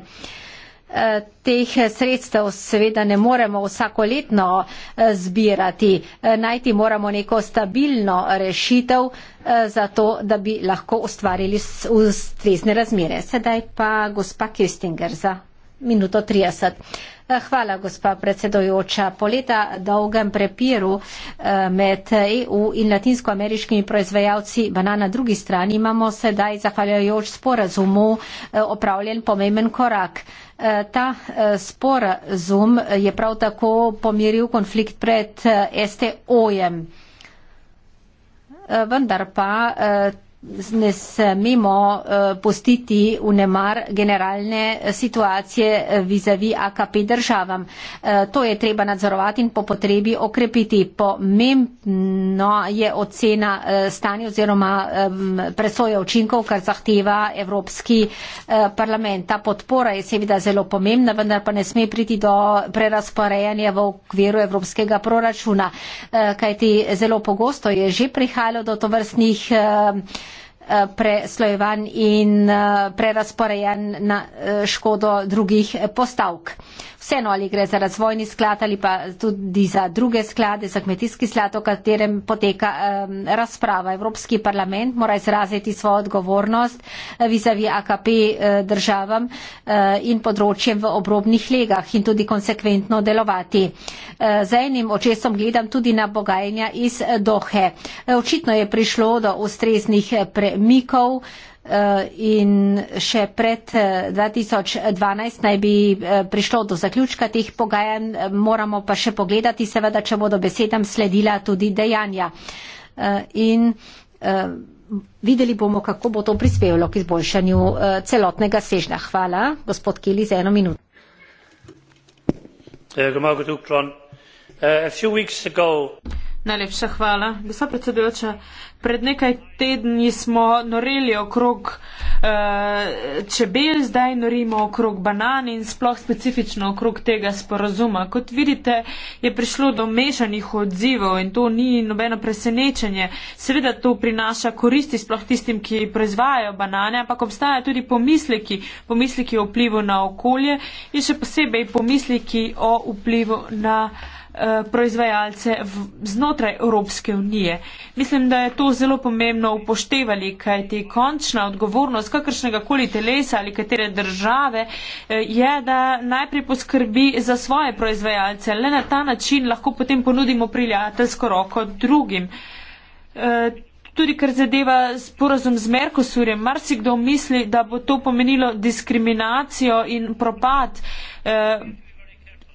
S2: Eh, teh eh, sredstev seveda ne moremo vsakoletno eh, zbirati. Najti moramo neko stabilno rešitev za to, da bi lahko ustvarili ustrezne razmere. Sedaj pa gospa Kristinger za minuto 30. Hvala, gospa predsedojoča. Po leta dolgem prepiru med EU in latinskoameriškimi proizvajalci banana na drugi strani imamo sedaj, zahvaljujoč sporazumu, opravljen pomemben korak. Ta eh, sporazum je prav tako pomiril konflikt pred eh, STO-jem. Eh, vendar pa ne smemo eh, postiti v nemar generalne situacije vizavi AKP državam. Eh, to je treba nadzorovati in po potrebi okrepiti. Pomembno je ocena eh, stanja oziroma presoje učinkov, kar zahteva Evropski parlament. Ta podpora je seveda zelo pomembna, vendar pa ne sme priti do prerasporejanja v okviru Evropskega proračuna, kajti zelo pogosto je že prihajalo do tovrstnih Eh, preslojevan in eh, prerasporejen na eh, škodo drugih postavk. Vseeno ali gre za razvojni sklad ali pa tudi za druge sklade, za kmetijski sklad, o katerem poteka razprava. Evropski parlament mora izraziti svojo odgovornost vizavi AKP državam in področjem v obrobnih legah in tudi konsekventno delovati. Za enim očesom gledam tudi na bogajanja iz Dohe. Očitno je prišlo do ustreznih pre mikov eh, in še pred 2012 eh, naj bi eh, prišlo do zaključka teh pogajanj, moramo pa še pogledati seveda, če bodo besedam sledila tudi dejanja. In videli bomo, kako bo to prispevalo k izboljšanju celotnega sežna. Hvala, gospod Kili, za eno minuto.
S1: Uh, a few weeks ago, Najlepša hvala. Gospa predsedujoča, pred nekaj tedni smo noreli okrog e, čebel, zdaj norimo okrog banan in sploh specifično okrog tega sporozuma. Kot vidite, je prišlo do mešanih odzivov in to ni nobeno presenečenje. Seveda to prinaša koristi sploh tistim, ki proizvajajo banane, ampak obstaja tudi pomisleki, pomisleki o vplivu na okolje in še posebej pomisleki o vplivu na okolje. Eh, proizvajalce znotraj Evropske unije. Mislim, da je to zelo pomembno upoštevali, kaj ti končna odgovornost kakršnega koli telesa ali katere države eh, je, da najprej poskrbi za svoje proizvajalce. Le na ta način lahko potem ponudimo prijateljsko roko drugim. Eh, tudi kar zadeva sporazum z Merkosurjem, marsikdo misli, da bo to pomenilo diskriminacijo in propad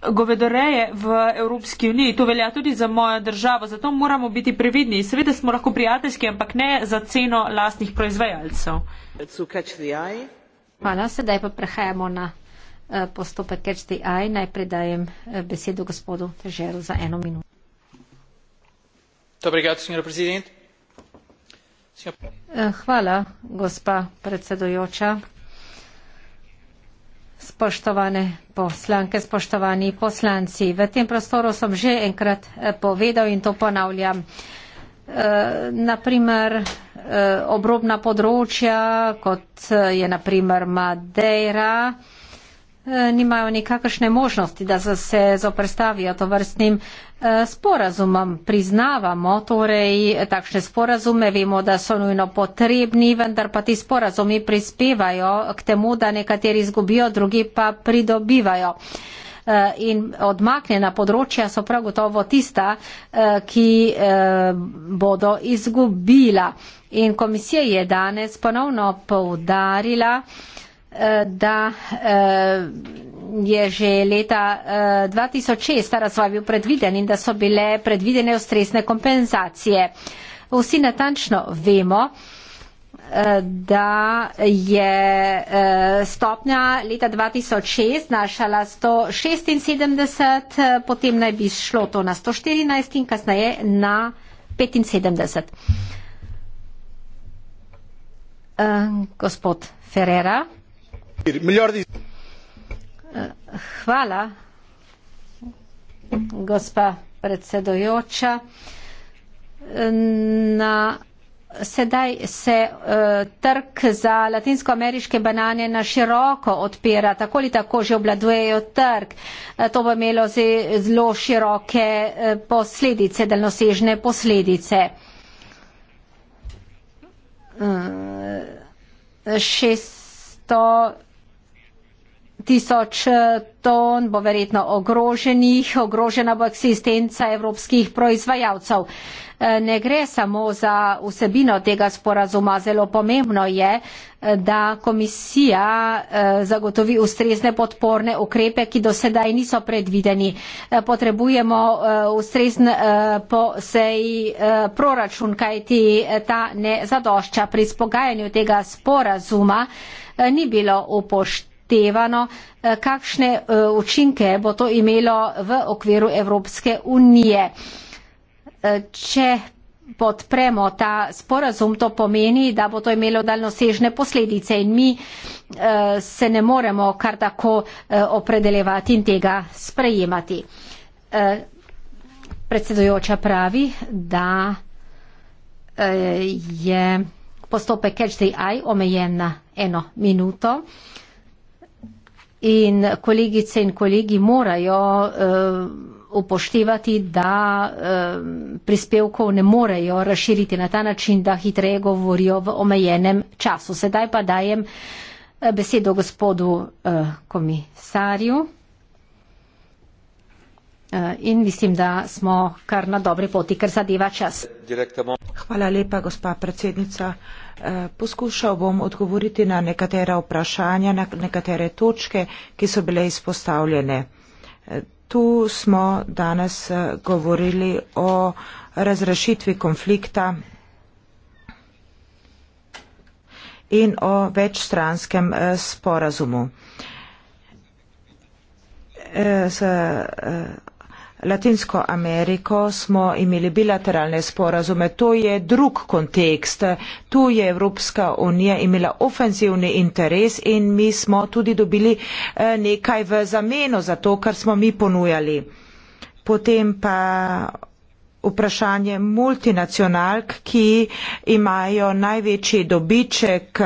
S1: govedoreje v Evropski uniji. To velja tudi za mojo državo, zato moramo biti previdni. Seveda smo lahko prijateljski, ampak ne za ceno lastnih proizvajalcev.
S2: Hvala, sedaj pa prehajamo na eh, postopek Catch the Eye. Najprej dajem eh, besedo gospodu Teželu za eno minuto. Eh, hvala, gospa predsedujoča. Spoštovane poslanke, spoštovani poslanci, v tem prostoru sem že enkrat eh, povedal in to ponavljam. E, eh, naprimer, e, eh, obrobna področja, kot je naprimer Madeira, e, Eh, nimajo nikakršne možnosti, da se zoprstavijo to vrstnim eh, sporazumom. Priznavamo torej takšne sporazume, vemo, da so nujno potrebni, vendar pa ti sporazumi prispevajo k temu, da nekateri izgubijo, drugi pa pridobivajo. Eh, in odmaknjena področja so prav gotovo tista, ki bodo izgubila. In komisija je danes ponovno poudarila, da eh, je že leta 2006 eh, ta razvoj bil predviden in da so bile predvidene ustresne kompenzacije. Vsi natančno vemo, eh, da je stopnja leta 2006 znašala 176, potem naj bi šlo to na 114 in kasneje na 75. Gospod Ferrera. Hvala, gospa predsedojoča. Na Sedaj se uh, trg za latinskoameriške banane na široko odpira, tako ali tako že obladujejo trg. Uh, to bo imelo zelo široke uh, posledice, delnosežne posledice. Uh, 600 tisoč eh, ton bo verjetno ogroženih, ogrožena bo eksistenca evropskih proizvajalcev. Eh, ne gre samo za vsebino tega sporazuma, zelo pomembno je, eh, da komisija zagotovi ustrezne podporne ukrepe, ki do sedaj niso predvideni. Potrebujemo ustrezen posej proračun, kajti ta ne zadošča pri spogajanju tega sporazuma ni bilo upošteno zahtevano, eh, kakšne eh, učinke bo to imelo v okviru Evropske unije. Eh, če podpremo ta sporazum, to pomeni, da bo to imelo daljnosežne posledice in mi se ne moremo kar tako opredelevati in tega sprejemati. Predsedujoča pravi, da je postopek HDI omejen na eno minuto in kolegice in kolegi morajo uh, upoštevati, da uh, prispevkov ne morejo razširiti na ta način, da hitreje govorijo v omejenem času. Sedaj pa dajem eh, besedo gospodu uh, komisarju. In mislim, da smo kar na dobri poti, kar zadeva čas. Direktamo. Hvala lepa, gospa predsednica. Eh, poskušal bom
S3: odgovoriti na nekatera vprašanja, na nekatere točke, ki so bile izpostavljene. Eh, tu smo danes eh, govorili o razrešitvi konflikta in o večstranskem sporazumu. Z Latinsko Ameriko smo imeli bilateralne sporazume, to je drug kontekst. Tu je Evropska unija imela ofenzivni interes in mi smo tudi dobili eh, nekaj v zameno za to, kar smo mi ponujali. Potem pa vprašanje multinacionalk, ki imajo največji dobiček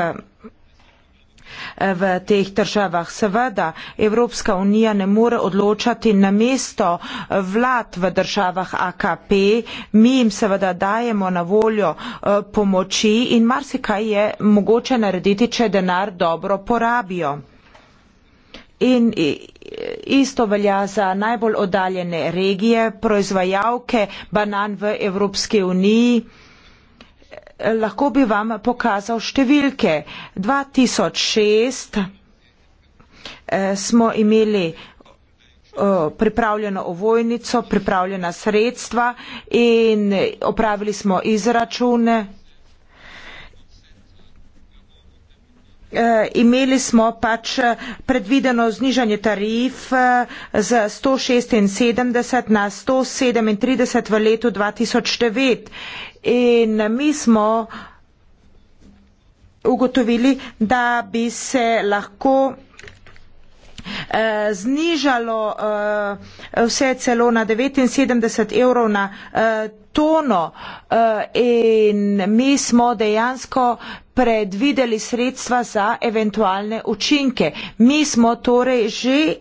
S3: Eh, v teh državah. Seveda Evropska unija ne more odločati na mesto vlad v državah AKP, mi jim seveda dajemo na voljo eh, pomoči in marsikaj je mogoče narediti, če denar dobro porabijo. In isto velja za najbolj oddaljene regije, proizvajalke banan v Evropski uniji lahko bi vam pokazal številke. 2006 eh, smo imeli eh, pripravljeno ovojnico, pripravljena sredstva in opravili smo izračune. Eh, imeli smo pač predvideno znižanje tarif z 176 na 137 v letu 2009. In mi smo ugotovili, da bi se lahko eh, znižalo eh, vse celo na 79 evrov na eh, tono in mi smo dejansko predvideli sredstva za eventualne učinke. Mi smo torej že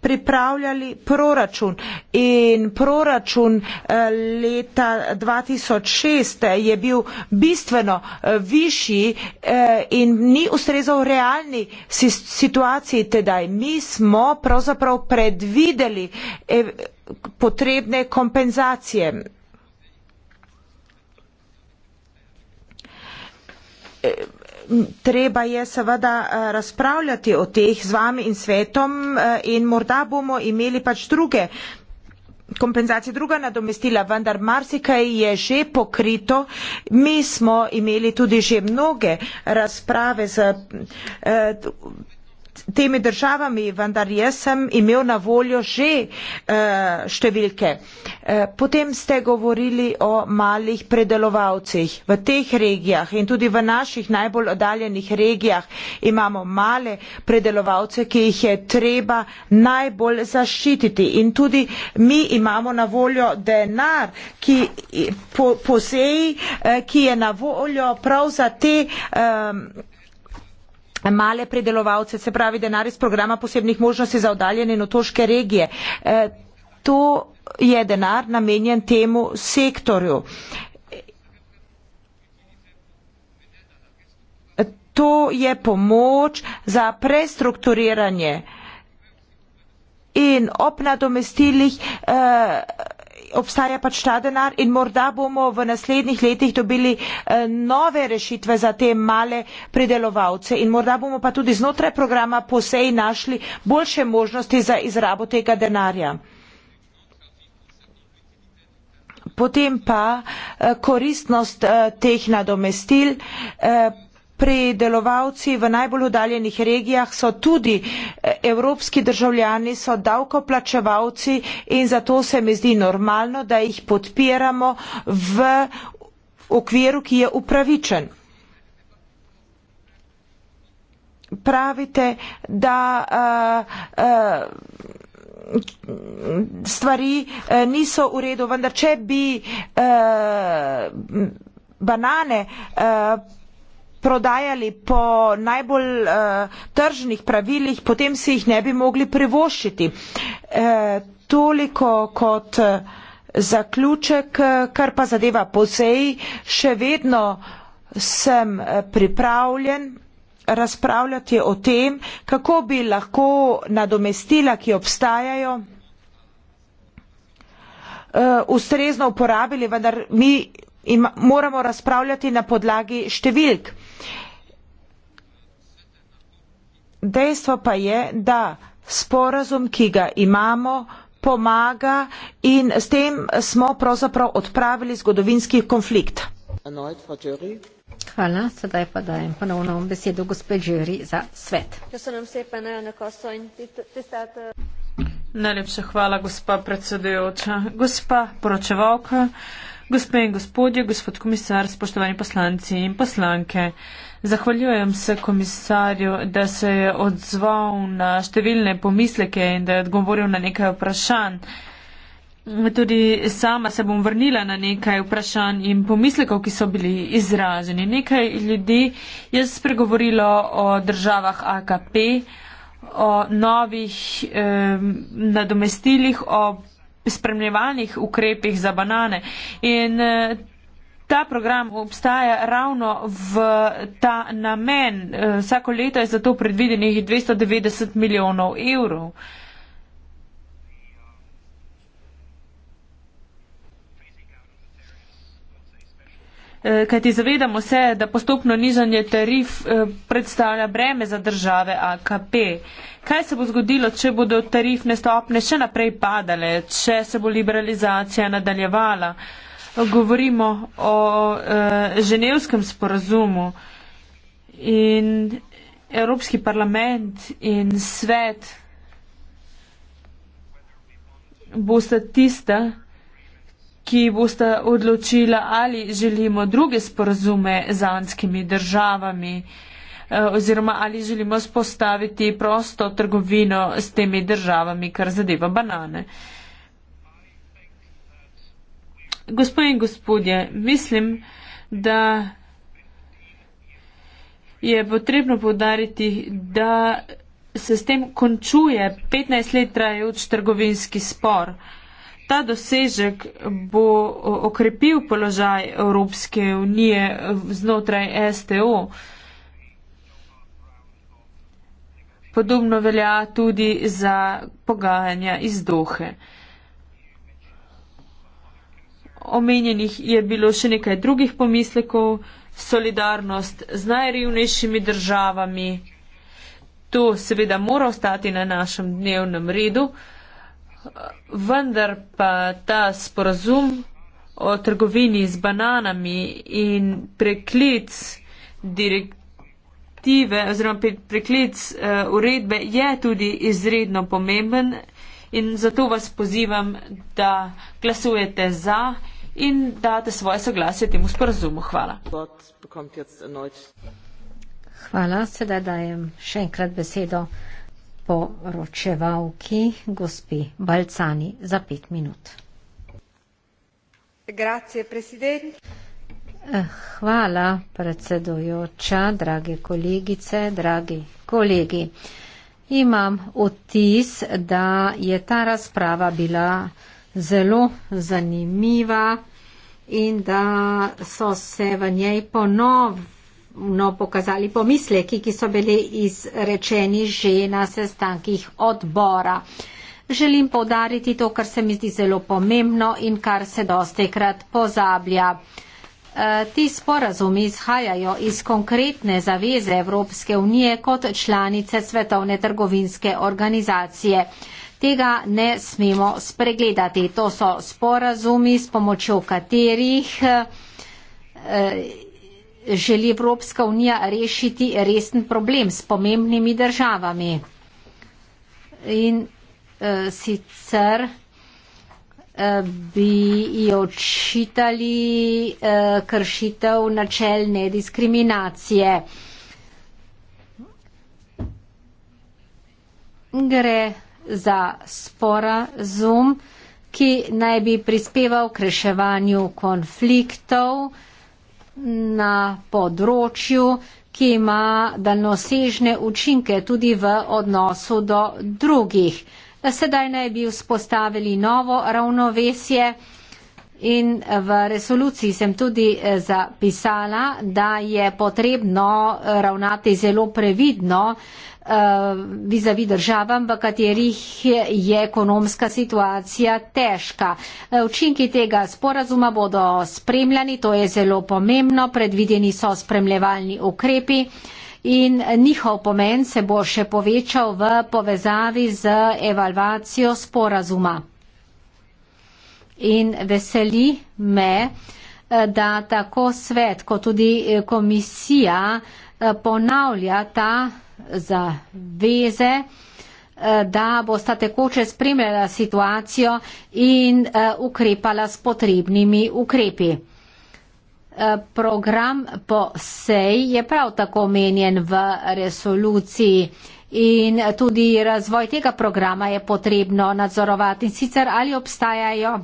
S3: pripravljali proračun in proračun eh, leta 2006 je bil bistveno eh, višji eh, in ni ustrezal realni situaciji tedaj. Mi smo pravzaprav predvideli potrebne kompenzacije. E, treba je seveda eh, razpravljati o teh z vami in svetom eh, in morda bomo imeli pač druge kompenzacije, druga nadomestila, vendar marsikaj je že pokrito. Mi smo imeli tudi že mnoge razprave z. Eh, temi državami, vendar jaz sem imel na voljo že uh, številke. Uh, potem ste govorili o malih predelovalcih. V teh regijah in tudi v naših najbolj oddaljenih regijah imamo male predelovalce, ki jih je treba najbolj zaščititi. In tudi mi imamo na voljo denar, ki po, poseji, uh, eh, ki je na voljo prav za te. Um, male predelovalce, se pravi denar iz programa posebnih možnosti za oddaljene in otoške regije. E, to je denar namenjen temu sektorju. E, to je pomoč za prestrukturiranje in ob nadomestilih eh, obstaja pač ta denar in morda bomo v naslednjih letih dobili eh, nove rešitve za te male pridelovalce in morda bomo pa tudi znotraj programa posej našli boljše možnosti za izrabo tega denarja. Potem pa eh, koristnost eh, teh nadomestil predelovalci v najbolj udaljenih regijah so tudi eh, evropski državljani, so davkoplačevalci in zato se mi zdi normalno, da jih podpiramo v okviru, ki je upravičen. Pravite, da uh, uh, stvari uh, niso v redu, vendar če bi uh, banane uh, prodajali po najbolj uh, tržnih pravilih, potem si jih ne bi mogli privoščiti. Uh, toliko kot eh, zaključek, kar pa zadeva posej, še vedno sem pripravljen razpravljati o tem, kako bi lahko nadomestila, ki obstajajo, ustrezno uporabili, vendar mi moramo razpravljati na podlagi številk. Dejstvo pa je, da sporazum, ki ga imamo, pomaga in s tem smo pravzaprav odpravili
S2: zgodovinski konflikt. Hvala, sedaj pa dajem ponovno besedo gospod Žiri za svet.
S1: Najlepša hvala, gospa predsedujoča. Gospa poročevalka. Gospe in gospodje, gospod komisar, spoštovani poslanci in poslanke, zahvaljujem se komisarju, da se je odzval na številne pomisleke in da je odgovoril na nekaj vprašanj. Tudi sama se bom vrnila na nekaj vprašanj in pomislekov, ki so bili izraženi. Nekaj ljudi je spregovorilo o državah AKP, o novih eh, nadomestilih, o spremljevalnih ukrepih za banane. In eh, ta program obstaja ravno v ta namen. Eh, vsako leto je za to predvidenih 290 milijonov evrov. Eh, Kaj ti zavedamo se, da postopno nižanje tarif eh, predstavlja breme za države AKP? Kaj se bo zgodilo, če bodo tarifne stopne še naprej padale, če se bo liberalizacija nadaljevala? Govorimo o e, ženevskem sporazumu in Evropski parlament in svet bosta tista, ki boste odločila, ali želimo druge sporazume z anskimi državami eh, oziroma ali želimo spostaviti prosto trgovino s temi državami, kar zadeva banane. Gospod in gospodje, mislim, da je potrebno povdariti, da se s tem končuje 15 let trajajoč trgovinski spor ta dosežek bo okrepil položaj Evropske unije znotraj STO. Podobno velja tudi za pogajanja iz Dohe. Omenjenih je bilo še nekaj drugih pomislekov, solidarnost z najrevnejšimi državami. To seveda mora ostati na našem dnevnem redu vendar pa ta sporazum o trgovini z bananami in preklic direktive oziroma preklic uh, uredbe je tudi izredno pomemben in zato vas pozivam, da glasujete za in date svoje soglasje temu sporazumu. Hvala.
S2: Hvala, sedaj dajem še enkrat besedo poročevalki, gospi Balcani, za pet minut. Grazie, predsednik. Eh, hvala, predsedujoča, drage kolegice, dragi kolegi. Imam otis, da je ta razprava bila zelo zanimiva in da so se v njej ponovili no, pokazali pomisleki, ki so bili izrečeni že na sestankih odbora. Želim povdariti to, kar se mi zdi zelo pomembno in kar se dostekrat pozablja. E, ti sporazumi izhajajo iz konkretne zaveze Evropske unije kot članice Svetovne trgovinske organizacije. Tega ne smemo spregledati. To so sporazumi, s pomočjo katerih e, želi Evropska unija rešiti resen problem s pomembnimi državami. In uh, sicer uh, bi jo očitali uh, kršitev načel nediskriminacije. Gre za sporazum, ki naj bi prispeval k reševanju konfliktov na področju, ki ima daljnosežne učinke tudi v odnosu do drugih. Sedaj naj bi vzpostavili novo ravnovesje. In v resoluciji sem tudi eh, zapisala, da je potrebno eh, ravnati zelo previdno eh, vizavi državam, v katerih je ekonomska situacija težka. Učinki tega sporazuma bodo spremljani, to je zelo pomembno, predvideni so spremljevalni ukrepi. In njihov pomen se bo še povečal v povezavi z evalvacijo sporazuma in veseli me, eh, da tako svet kot tudi eh, komisija eh, ponavlja ta zaveze, da bosta tekoče spremljala situacijo in ukrepala s potrebnimi ukrepi. Program po sej je prav tako menjen v resoluciji in tudi razvoj tega programa je potrebno nadzorovati in sicer ali obstajajo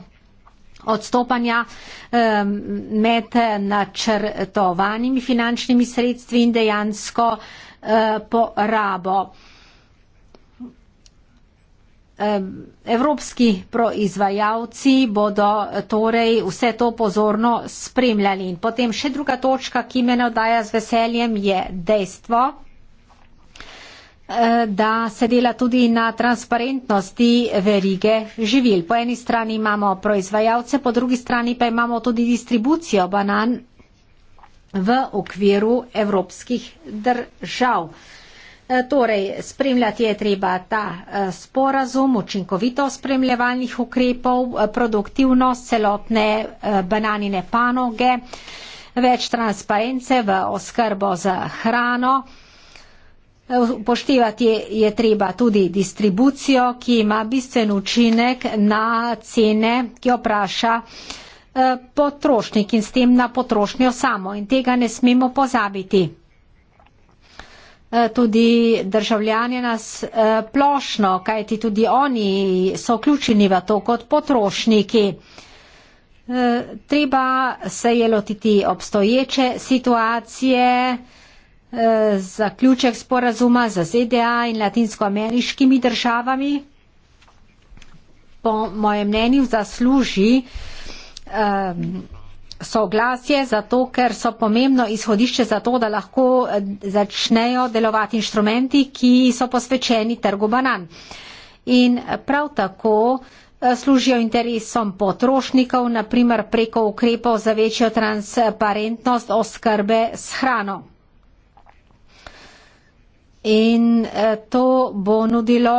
S2: odstopanja med načrtovanimi finančnimi sredstvi in dejansko eh, porabo. Evropski proizvajalci bodo torej vse to pozorno spremljali. In potem še druga točka, ki me navdaja z veseljem, je dejstvo, Eh, da se dela tudi na transparentnosti verige živil. Po eni strani imamo proizvajalce, po drugi strani pa imamo tudi distribucijo banan v okviru evropskih držav. Eh, torej, spremljati je treba ta eh, sporazum, učinkovito spremljevalnih ukrepov, produktivnost celotne bananine panoge, več transparence v oskrbo z hrano. Upoštevati je treba tudi distribucijo, ki ima bistven učinek na cene, ki jo praša eh, potrošnik in s tem na potrošnjo samo. In tega ne smemo pozabiti. Eh, tudi državljanje nas eh, plošno, kajti tudi oni so vključeni v to kot potrošniki. Treba se je lotiti obstoječe situacije. Eh, zaključek sporazuma za ZDA in latinskoameriškimi državami. Po mojem mnenju zasluži um, soglasje, zato ker so pomembno izhodišče za to, da lahko eh, začnejo delovati inštrumenti, ki so posvečeni trgu banan. In prav tako služijo interesom potrošnikov, naprimer preko ukrepov za večjo transparentnost oskrbe s hrano in eh, to bo nudilo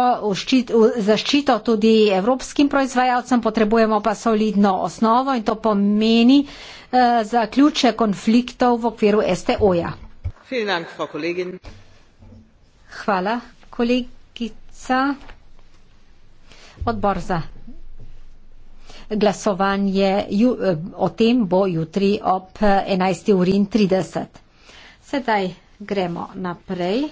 S2: zaščito tudi evropskim proizvajalcem, potrebujemo pa solidno osnovo in to pomeni eh, zaključek konfliktov v okviru STO-ja. Hvala, kolegica. Odbor za glasovanje ju, eh, o tem bo jutri ob 11.30. Sedaj gremo naprej.